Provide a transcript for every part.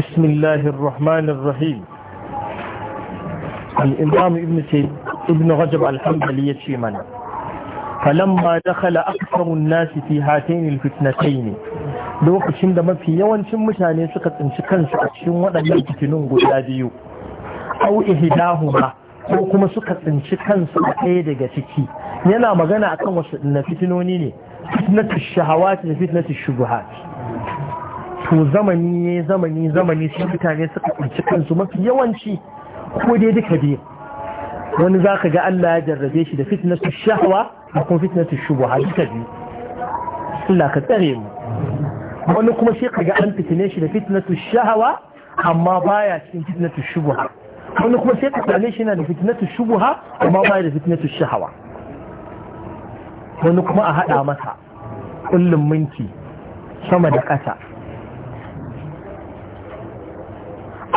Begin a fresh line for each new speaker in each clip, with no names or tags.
بسم الله الرحمن الرحيم الإمام ابن سيد ابن رجب الحنبلي يشيمنا فلما دخل أكثر الناس في هاتين الفتنتين lokacin da mafi yawancin mutane suka tsinci kansu a cikin waɗannan fitinun guda biyu au ihdahuma ko kuma suka tsinci kansu a ɗaya daga ciki yana magana akan wasu na fitinoni ne fitnatu shahawati da fitnatu shubuhat to zamani ne zamani zamani sai mutane suka kunci kansu mafi yawanci ko dai duka biyu wani za ka ga Allah ya jarrabe shi da fitnatu shahwa da kuma fitnatu shubuha duka biyu Allah ka tsare mu wani kuma sai ka ga an fitne shi da fitnatu shahwa amma baya cikin fitnatu shubuha wani kuma sai ka tsare shi na da fitnatu shubuha amma baya da fitnatu shahwa wani kuma a hada masa kullum minti sama da ƙasa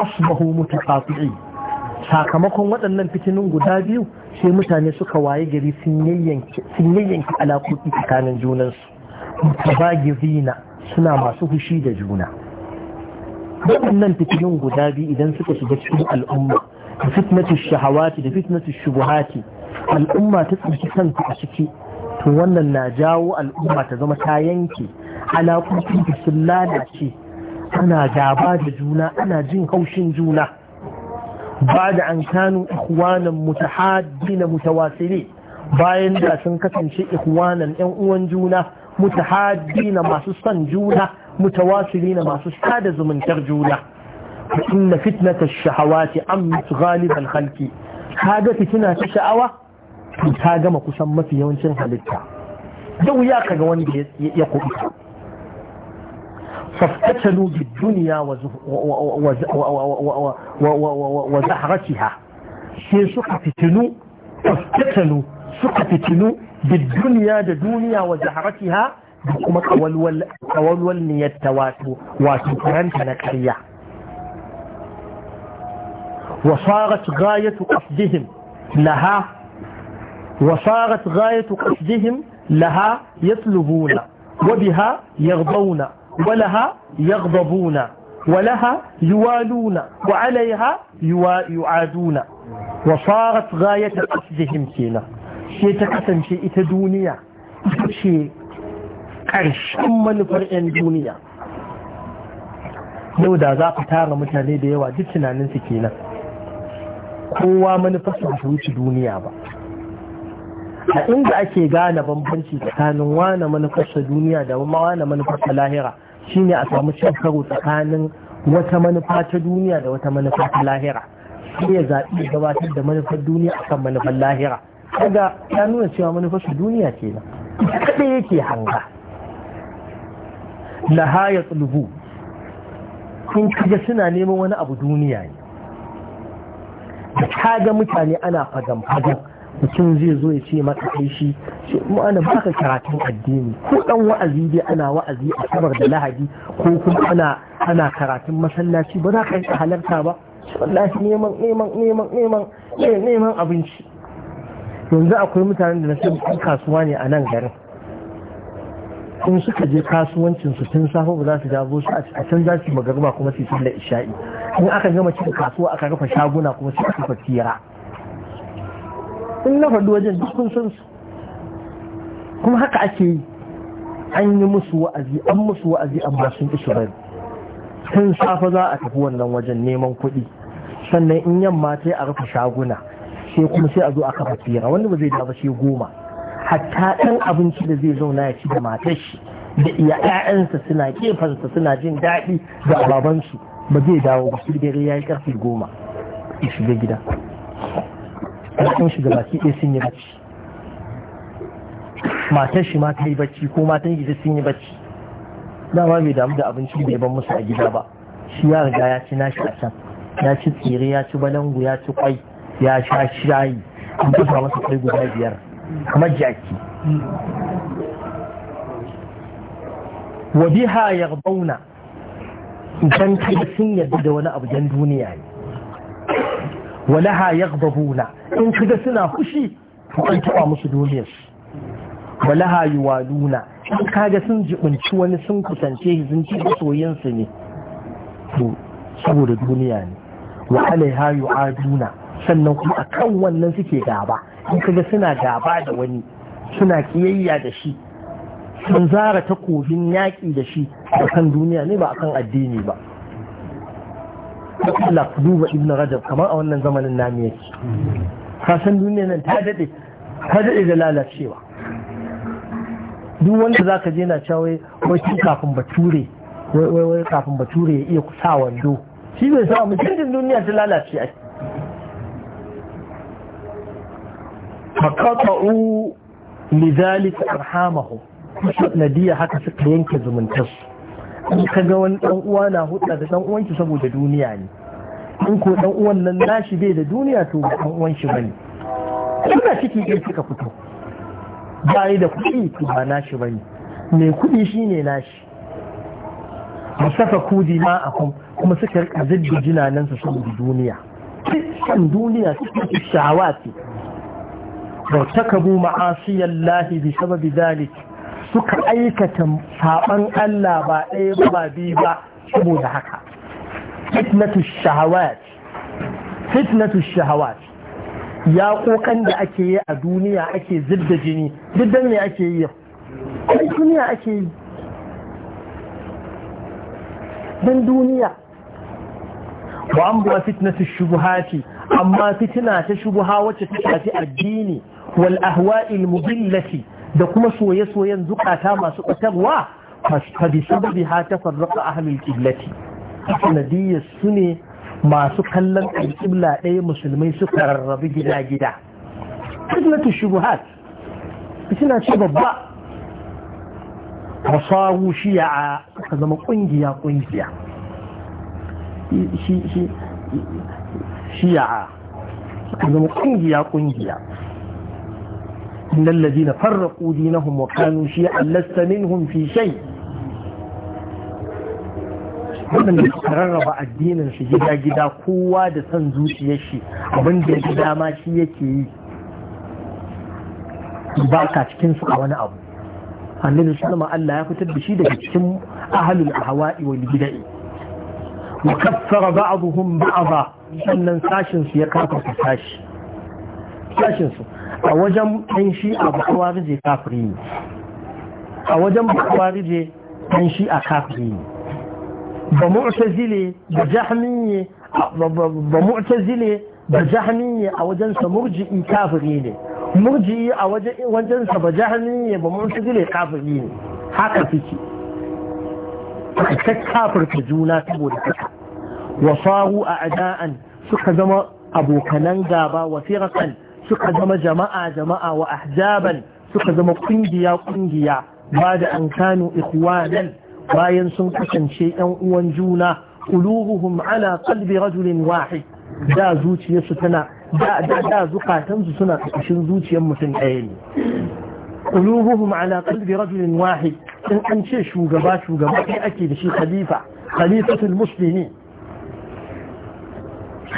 asbahu mutaqati'i sakamakon waɗannan fitinin guda biyu sai mutane suka waye gari sun yayyanki alaƙoƙi tsakanin junansu mutabagizina suna masu hushi da juna waɗannan fitinin guda biyu idan suka shiga cikin al'umma da fitnatu shahawati da fitnatu shubuhati al'umma ta tsinci kanta a ciki to wannan na jawo al'umma ta zama ta yanke alaƙoƙi sun lalace ana gaba da juna ana jin haushin juna ba da an kanu ikhwanan na mutawasili bayan da sun kasance ikhwanan yan uwan juna na masu son juna na masu sada zumuntar juna inna fitnata shahawati ammat ghaliban ka kaga fitina ta sha'awa to ta gama kusan mafi yawancin halitta da wuya kaga wanda ya kubuta فافتتنوا بالدنيا وزهرتها وزحرتها سيسقطتنوا فافتتنوا سقطتنوا بالدنيا دنيا وزهرتها بكم قول والنية تواتو واتفهم وصارت غاية قصدهم لها وصارت غاية قصدهم لها يطلبون وبها يرضون ولها يغضبون ولها يوالون وعليها يعادون وصارت غاية قصدهم كينا شيء تكسن شيء تدونيا شيء ƙarshen manufar 'yan duniya yau da za ku tara mutane da yawa duk tunaninsu kenan kowa manufarsa ba wuce duniya ba a inda ake gane bambanci tsakanin wane manufarsa duniya da wane manufarsa lahira shine a samu cin tsakanin wata manufa ta duniya da wata manufa ta lahira shi ya zaɓi ya gabatar da manufar duniya akan manufar lahira kaga ya nuna cewa manufar su duniya ce na kaɗai yake hanga Na haya tsulubu kun kaga suna neman wani abu duniya ne da kaga mutane ana fagan fagan mutum zai zo ya ce maka kai shi ba ka karatun addini ko ɗan wa'azi dai ana wa'azi a sabar da lahadi ko kuma ana ana karatun masallaci ba za ka yi halarta ba wallahi neman neman neman neman eh, neman abinci yanzu akwai mutanen da na san kasuwa ne a nan garin in suka je kasuwancin su tun safe ba za su dawo su a can za su magarba kuma su yi sallar isha'i in aka gama cin kasuwa aka rufe shaguna kuma su aka rufe in na faɗi wajen duk sun su kuma haka ake yi an yi musu wa'azi an musu wa'azi a sun isra'il bari safa safa za a tafi wannan wajen neman kuɗi sannan in yamma ta sai a rufe shaguna sai kuma sai a zo a kafa fira wanda ba zai dafa sai goma hatta ɗan abinci da zai zauna ya ci da matar shi da iya ƴaƴansa suna kefansa suna jin daɗi da ababansu ba zai dawo ba sai dare ya yi ƙarfe goma ya shiga gida ɗan shi da baki ɗaya sun yi bacci matar shi ma ta yi bacci ko matan gida sun yi bacci dama bai damu da abinci bai ban musu a gida ba shi ya riga ya ci nashi a can ya ci tsere ya ci balangu ya ci kwai ya sha shayi an fasa masa kwai guda biyar kamar jaki wa biha yarbauna idan kai sun yarda da wani abu dan duniya ne walaha babuna in kaga suna fushi to an taba musu duniyar walaha yuwaluna in kaga sun jibinci wani sun kusance sun ci soyinsu ne to saboda duniya ne wa alaiha duna sannan kuma a kan wannan suke gaba in kaga suna gaba da wani suna kiyayya da shi sun zara takobin yaƙi da shi a kan duniya ne ba a kan addini ba Allah duba ibn rajab kamar a wannan zamanin nami yake kasan duniya nan ta daɗe ta dade da lalacewa duk wanda zaka je na cewa wai kafin bature wai wai kafin bature ya iya kusa wando shi bai sa mu canjin duniya ta lalace ai faqatu lidhalika arhamahu nadiya haka suka yanke من in ka ga wani dan uwa na hudda da dan uwanki saboda duniya ne in ko dan uwan nan nashi bai da duniya to ba dan uwan shi bane ina ciki ɗin suka fito ba da kuɗi to ba nashi bane mai kuɗi shine nashi musafa kudi ma a kuma suka rika zidda jinanan saboda duniya cikin duniya cikin shawati wa ma'asiyar lahi bi sababi zalika suka aikata saban Allah ba ɗaya ba ba biyu ba saboda haka fitnatu shahawat fitnatu shahawat ya kokan da ake yi a duniya ake zidda jini duk dan me ake yi a duniya ake yi dan duniya wa an buwa fitnatu shubuhati amma fitna ta shubuha wacce ta addini wal ahwa'il mubillati da kuma soye-soyen zukata masu ƙwatarwa fa bi sababi ha a ahlul qiblati sanadiyya su ne masu kallon alƙibla ɗaya musulmai suka rarrabi gida-gida fitnatu shubuhat suna ce babba wasawu shi'a suka zama ƙungiya-ƙungiya suka zama ƙungiya-ƙungiya إن الذين فرقوا دينهم وكانوا شيعا لست منهم في شيء wannan da suka rarraba addinin shi gida gida kowa da son zuciyar shi abinda da ya dama shi yake yi ba ka cikin su a wani abu annabi sallama Allah ya fitar da shi daga cikin ahlul ahwa'i wal bid'i wa kaffara ba'dhum ba'dha sannan sashin su ya kafa sashi sashin su a wajen ɗan shi a bakawa rije kafiri ne a wajen bakawa rije ɗan shi a kafiri ne ba mu'tazile da jahmiye ba mu'tazile da jahmiye a wajen sa murji'i kafiri ne murji'i a wajen sa ba jahmiye ba mu'tazile kafiri ne haka fiki ta kafirta juna saboda haka wa faru a ada'an suka zama abokanan gaba wa firakan suka zama jama'a jama'a wa ahzaban suka zama kungiya kungiya ba da an kanu ikhwanan bayan sun kasance yan uwan juna qulubuhum ala qalbi rajulin wahid da zuciyarsu tana da da da zukatansu suna kashin zuciyar mutum ɗaya ne qulubuhum ala qalbi rajulin wahid in an ce shugaba shugaba kai ake da shi khalifa khalifatul muslimin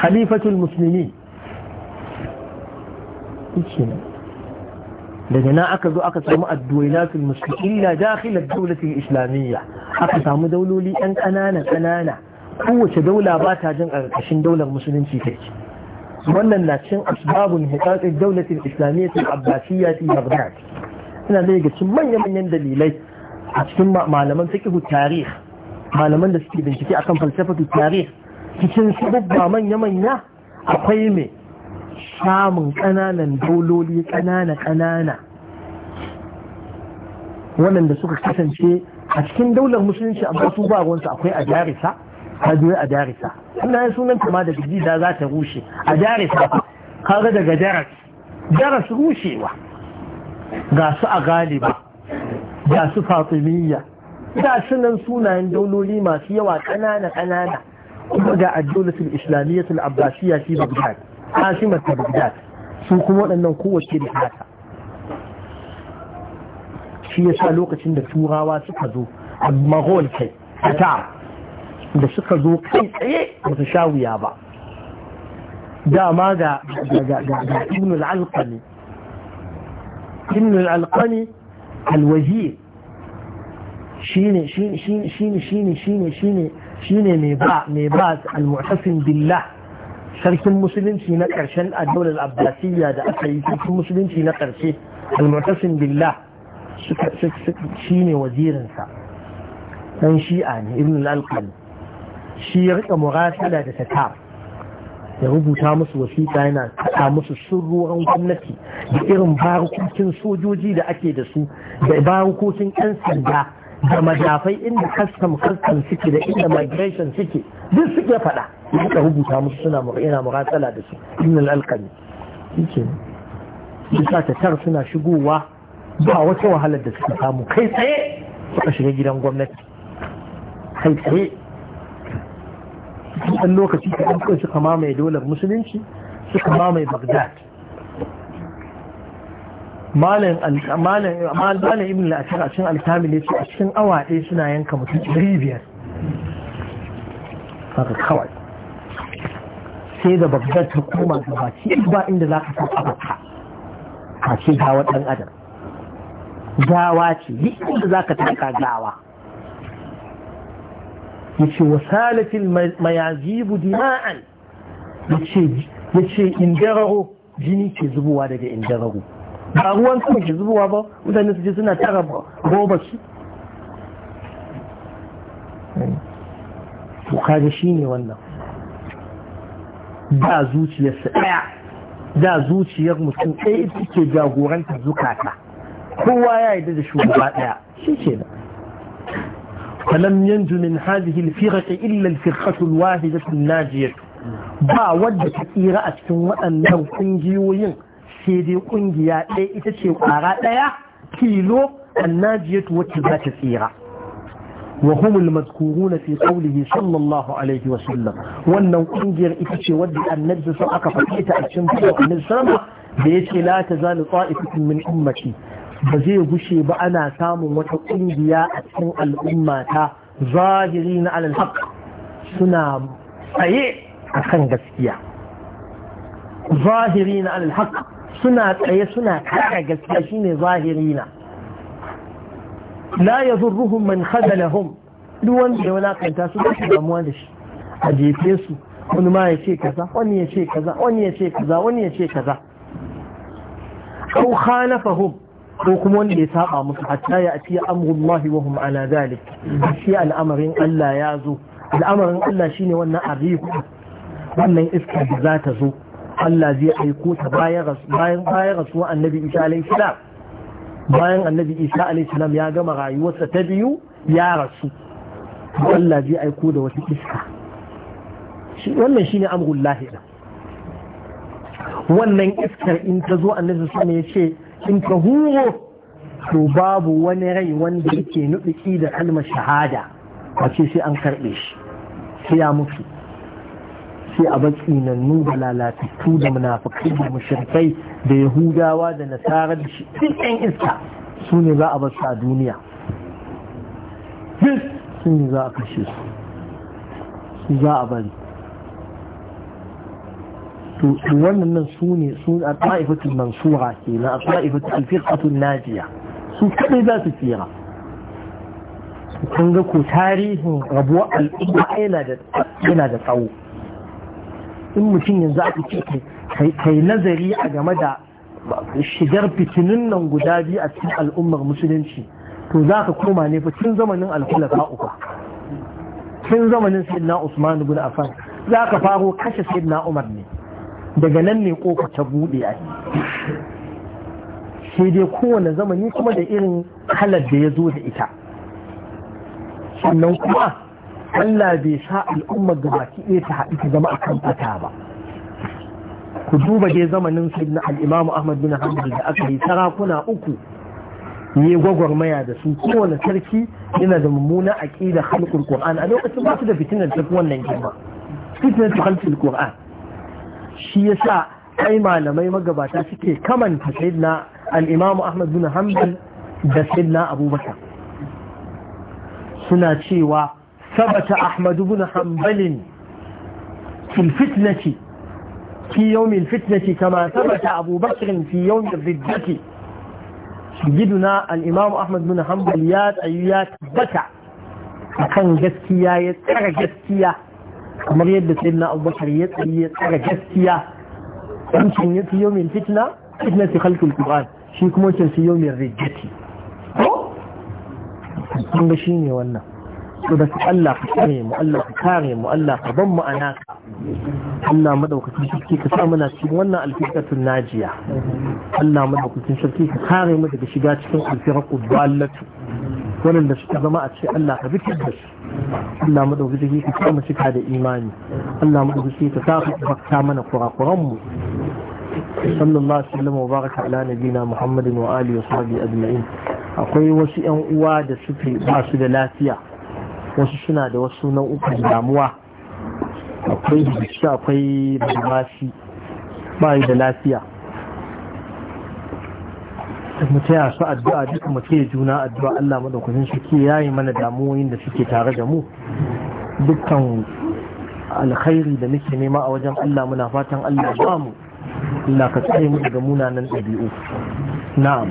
khalifatul muslimin shi daga na aka zo aka samu addu'ailatul illa dakhil ad-dawlati islamiyya aka samu dauloli ɗan ƙanana ƙanana kowace daula ba ta jin ƙarƙashin daular musulunci take wannan na cin asbabun hiqaqid daulatin islamiyya ta abbasiyya ta baghdad ina da ga cin manyan manyan dalilai a cikin malaman fiqh tarih malaman da suke bincike akan falsafatu tarih cikin sababba manya manya akwai mai samun ƙananan dololi ƙanana-ƙanana waɗanda suka kasance a cikin daular musulunci amma su ba ruwansu akwai a jarisa hajjoyi a jarisa ana yin sunan kama da gajida za ta rushe a jarisa kare daga jaras jaras rushewa ga su a galiba ga su fatimiyya ga sunan sunayen dauloli masu yawa ƙanana-ƙanana kuma ga addolatul islamiyyatul abbasiyya fi bagdad asimar ta bagdad su kuma waɗannan kowace da haka shi ya sa lokacin da turawa suka zo a maghol kai qatar da suka zo kai tsaye ba su sha wuya ba dama ga ibn al-alqani ibn al-alqani al-wazir shine shine shine shine shine shine shine mai ba mai ba al-mu'tasim billah sarkin musulunci na ƙarshen addaular abbasiyya da aka yi sarkin musulunci na ƙarshe almutasin billah shi ne wazirinsa ɗan shi'a ne Irin al shi ya rika murasala da sata ya rubuta musu wasiƙa yana kaɗa musu sirruwan gwamnati da irin barukokin sojoji da ake da su da barukokin 'yan sanda da madafai inda kastam kastam suke da inda migration suke duk suke faɗa suka rubuta musu suna yana muratsala da su al alqami yake bisa ta tar suna shigowa ba wata wahalar da suka samu kai tsaye suka shiga gidan gwamnati kai tsaye ɗan lokaci ka ɗan kai suka mamaye dolar musulunci suka mamaye bagdad malam ibn la'ashir a cikin alkamil ce a cikin awa ɗaya suna yanka mutum 500 haka kawai sai da babbar ta koma gaba ce ba inda za ka san abaka a ce gawar ɗan adam gawa ce yi inda za ka taka gawa ya ce wasalatil mayazibu dima'an ya ce indararo jini ke zubowa daga indararo ba ruwan sama ke zubowa ba mutane su je suna tara roba su to shi ne wannan da zuciyarsa ɗaya da zuciyar mutum ɗaya ita ke jagorantar zukata kowa ya yarda da shugaba ɗaya shi ke da falam yanzu min hadhihi al-firqa illa al-firqatu al ba wadda ta tsira a cikin waɗannan ƙungiyoyin sai dai kungiya ɗaya ita ce ƙara ɗaya kilo annajiyatu wacce za ta tsira wa humul mazkuruna fi qawlihi sallallahu alaihi wa sallam wannan kungiyar ita ce wadda annabi sa aka faɗi a cikin fadar annabi sallama da yace la tazalu ta'ifatun min ummati ba zai bushe ba ana samun wata kungiya a cikin al'ummata zahiri na haq suna tsaye kan gaskiya zahiri na alal haq suna tsaye suna kare gaskiya shine zahirina. la yadurruhum man khadalahum duk wanda ya wulakanta su ba su damuwa da shi a jefe su wani ma ya ce kaza wani ya ce kaza wani ya ce kaza wani ya ce kaza aw khalafahum ko kuma wanda ya saba musu hatta ya ati amrullahi wa hum ala zalik shi al'amarin Allah ya zo al'amarin Allah shine wannan arriku wannan iska da za ta zo Allah zai aiko ta bayan bayan bayan rasuwa annabi Isa alaihi salam bayan annabi isa alaihissalam ya gama rayuwarsa ta biyu ya rasu Allah zai aiko da wata iska wannan shine amrul lahi wannan iskar in ta zo annabi sama ya ce in ka huwo to babu wani rai wanda yake nuɗuki da kalmar shahada wace sai an karɓe shi sai ya mutu sai a batsi nan nu da lalatattu da munafikai da mushrikai da yahudawa da nasara da shi iska su ne za a bar su a duniya su ne za a kashe su su za a bari to wannan nan su ne su a ta'ifatul mansura kenan a ta'ifatul firqatul najiya su kadai za su tsira kun ga ko tarihin rabuwar al'umma yana da tsawo in mutum yanzu aka ce kai nazari a game da shigar fitinin nan guda biyu a cikin al'ummar musulunci to za ka koma ne tun zamanin alkhulafa uku tun zamanin sayyidina usman ibn affan za ka faro kashe sayyidina umar ne daga nan ne kofa ta bude a sai dai kowane zamani kuma da irin halar da ya zo da ita sannan kuma Allah bai sa al'ummar da baki ɗaya ta haɗu ta zama a kan fata ba ku duba dai zamanin sayyidina al-Imam Ahmad bin da aka yi sarakuna uku ne gwagwarmaya da su kowane sarki yana da mummuna aqida khalqul Qur'an a lokacin ba su da fitinar ta wannan girma fitinar khalqul Qur'an shi yasa ai malamai magabata suke kamanta sayyidina al-Imam Ahmad bin Hanbal da sayyidina Abubakar suna cewa ثبت أحمد بن حنبل في الفتنة في يوم الفتنة كما ثبت أبو بكر في يوم الردة سيدنا الإمام أحمد بن حنبل ياد أيات بكى أكان جسكية يترى جسكية كما يد سيدنا أبو بكر يترى جسكية في يوم الفتنة فتنة خلق القرآن شيكم موسى في يوم الردة أو؟ أنا شيني وأنا su da Allah ka kare mu Allah ka kare mu Allah ka ban mu ana Allah madaukakin sarki ka sa muna cikin wannan alfiqatun najiya Allah madaukakin sarki ka kare mu daga shiga cikin alfiqatul dallatu wannan da suka zama a ce Allah ka bitar da su Allah madaukaki ka sa mu cika da imani Allah madaukaki ka sa ka bakta mana kurakuran mu sallallahu alaihi wa baraka ala nabina muhammadin wa alihi wa sahbihi ajma'in akwai wasu yan uwa da suke ba da lafiya wasu suna da wasu nau'ukan damuwa akwai hibisci akwai bambashi ba da lafiya mu ya su addu'a duka mu ya juna addu'a Allah madaukakin suke yayi mana damuwoyin da suke tare da mu dukkan alkhairi da muke nema a wajen Allah muna fatan Allah ya ba mu Allah ka tsaye mu daga munanan ɗabi'u na'am